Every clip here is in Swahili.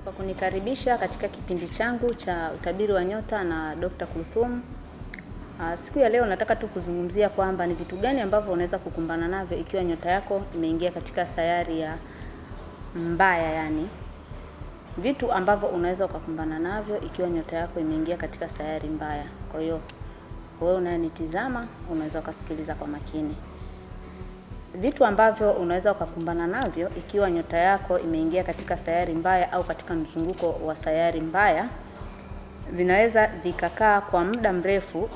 kwa kunikaribisha katika kipindi changu cha utabiri wa nyota na Dr. Kulthum. Ah, siku ya leo nataka tu kuzungumzia kwamba ni vitu gani ambavyo unaweza kukumbana navyo ikiwa nyota yako imeingia katika sayari ya mbaya, yani vitu ambavyo unaweza ukakumbana navyo ikiwa nyota yako imeingia katika sayari mbaya. Kwa hiyo wewe unayenitizama unaweza ukasikiliza kwa makini vitu ambavyo unaweza ukakumbana navyo ikiwa nyota yako imeingia katika sayari mbaya au katika mzunguko wa sayari mbaya vinaweza vikakaa kwa muda mrefu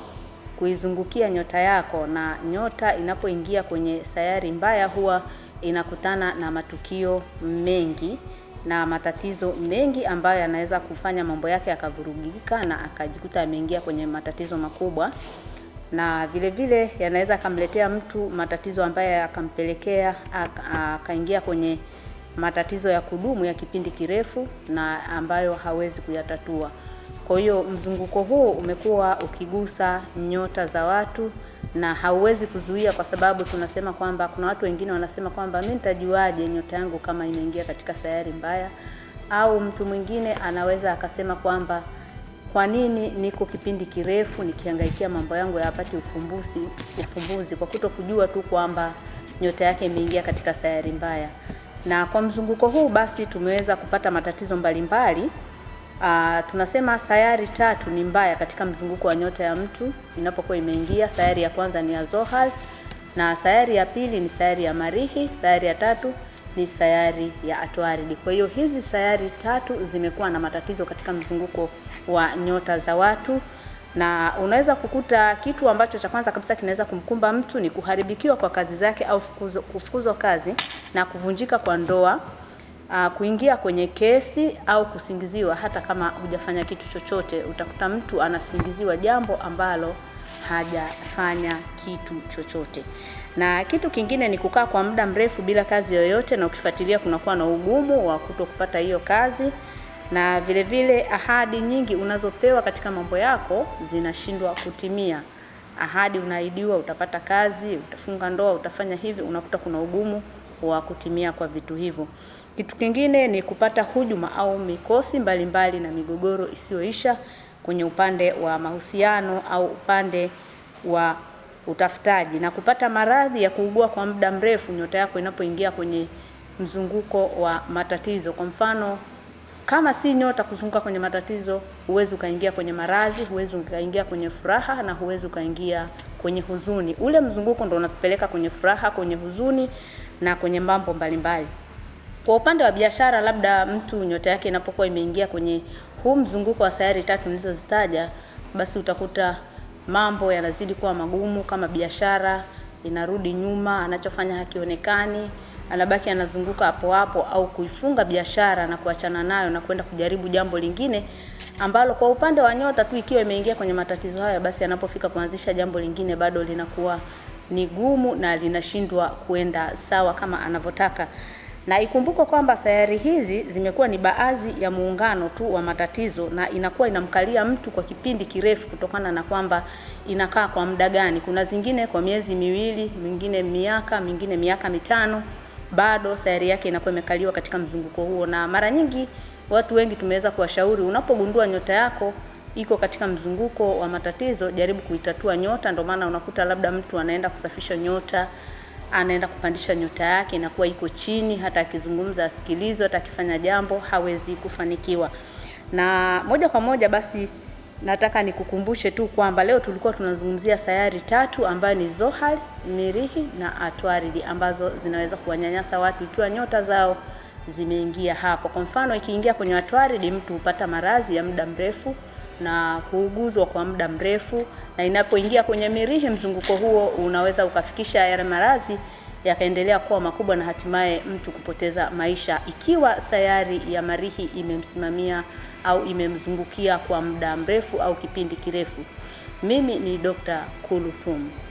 kuizungukia nyota yako, na nyota inapoingia kwenye sayari mbaya huwa inakutana na matukio mengi na matatizo mengi ambayo yanaweza kufanya mambo yake yakavurugika na akajikuta ameingia kwenye matatizo makubwa na vile vile yanaweza akamletea mtu matatizo ambayo akampelekea akaingia kwenye matatizo ya kudumu ya kipindi kirefu na ambayo hawezi kuyatatua. Kwa hiyo mzunguko huu umekuwa ukigusa nyota za watu na hauwezi kuzuia, kwa sababu tunasema kwamba kuna watu wengine wanasema kwamba mimi nitajuaje nyota yangu kama imeingia katika sayari mbaya, au mtu mwingine anaweza akasema kwamba kwa nini niko kipindi kirefu nikihangaikia mambo yangu yapate ufumbuzi ufumbuzi kwa kuto kujua tu kwamba nyota yake imeingia katika sayari mbaya. Na kwa mzunguko huu basi tumeweza kupata matatizo mbalimbali. Aa, ah, tunasema sayari tatu ni mbaya katika mzunguko wa nyota ya mtu inapokuwa imeingia. Sayari ya kwanza ni ya Zohal na sayari ya pili ni sayari ya Marihi, sayari ya tatu ni sayari ya Atwaridi. Kwa hiyo hizi sayari tatu zimekuwa na matatizo katika mzunguko wa nyota za watu na unaweza kukuta kitu ambacho cha kwanza kabisa kinaweza kumkumba mtu ni kuharibikiwa kwa kazi zake au kufukuzwa kazi na kuvunjika kwa ndoa, uh, kuingia kwenye kesi au kusingiziwa hata kama hujafanya kitu chochote. Utakuta mtu anasingiziwa jambo ambalo hajafanya kitu chochote na kitu kingine ni kukaa kwa muda mrefu bila kazi yoyote, na ukifuatilia kunakuwa na ugumu wa kuto kupata hiyo kazi, na vile vile ahadi nyingi unazopewa katika mambo yako zinashindwa kutimia. Ahadi unaahidiwa utapata kazi, utafunga ndoa, utafanya hivi, unakuta kuna ugumu wa kutimia kwa vitu hivyo. Kitu kingine ni kupata hujuma au mikosi mbalimbali mbali na migogoro isiyoisha kwenye upande wa mahusiano au upande wa utafutaji na kupata maradhi ya kuugua kwa muda mrefu nyota yako inapoingia kwenye mzunguko wa matatizo. Kwa mfano, kama si nyota kuzunguka kwenye matatizo, huwezi ukaingia kwenye maradhi, huwezi ukaingia kwenye furaha na huwezi ukaingia kwenye huzuni. Ule mzunguko ndio unapeleka kwenye furaha, kwenye huzuni na kwenye mambo mbalimbali. Kwa upande wa biashara, labda mtu nyota yake inapokuwa imeingia kwenye huu mzunguko wa sayari tatu nilizozitaja, basi utakuta mambo yanazidi kuwa magumu, kama biashara inarudi nyuma, anachofanya hakionekani, anabaki anazunguka hapo hapo, au kuifunga biashara na kuachana nayo na kwenda kujaribu jambo lingine ambalo kwa upande wa nyota tu ikiwa imeingia kwenye matatizo haya, basi anapofika kuanzisha jambo lingine bado linakuwa ni gumu na linashindwa kuenda sawa kama anavyotaka na ikumbukwe kwamba sayari hizi zimekuwa ni baadhi ya muungano tu wa matatizo, na inakuwa inamkalia mtu kwa kipindi kirefu kutokana na kwamba inakaa kwa muda gani. Kuna zingine kwa miezi miwili, mingine miaka, mingine miaka mitano, bado sayari yake inakuwa imekaliwa katika mzunguko huo. Na mara nyingi watu wengi tumeweza kuwashauri, unapogundua nyota yako iko katika mzunguko wa matatizo, jaribu kuitatua nyota. Ndio maana unakuta labda mtu anaenda kusafisha nyota anaenda kupandisha nyota yake, inakuwa iko chini. Hata akizungumza asikilizwe, hata akifanya jambo hawezi kufanikiwa. Na moja kwa moja basi nataka nikukumbushe tu kwamba leo tulikuwa tunazungumzia sayari tatu ambayo ni Zohar, Mirihi na Atwaridi ambazo zinaweza kuwanyanyasa watu ikiwa nyota zao zimeingia hapo. Kwa mfano, ikiingia kwenye Atwaridi mtu hupata maradhi ya muda mrefu na kuuguzwa kwa muda mrefu, na inapoingia kwenye mirihi, mzunguko huo unaweza ukafikisha yale maradhi yakaendelea kuwa makubwa na hatimaye mtu kupoteza maisha, ikiwa sayari ya marihi imemsimamia au imemzungukia kwa muda mrefu au kipindi kirefu. Mimi ni Dr. kulupumu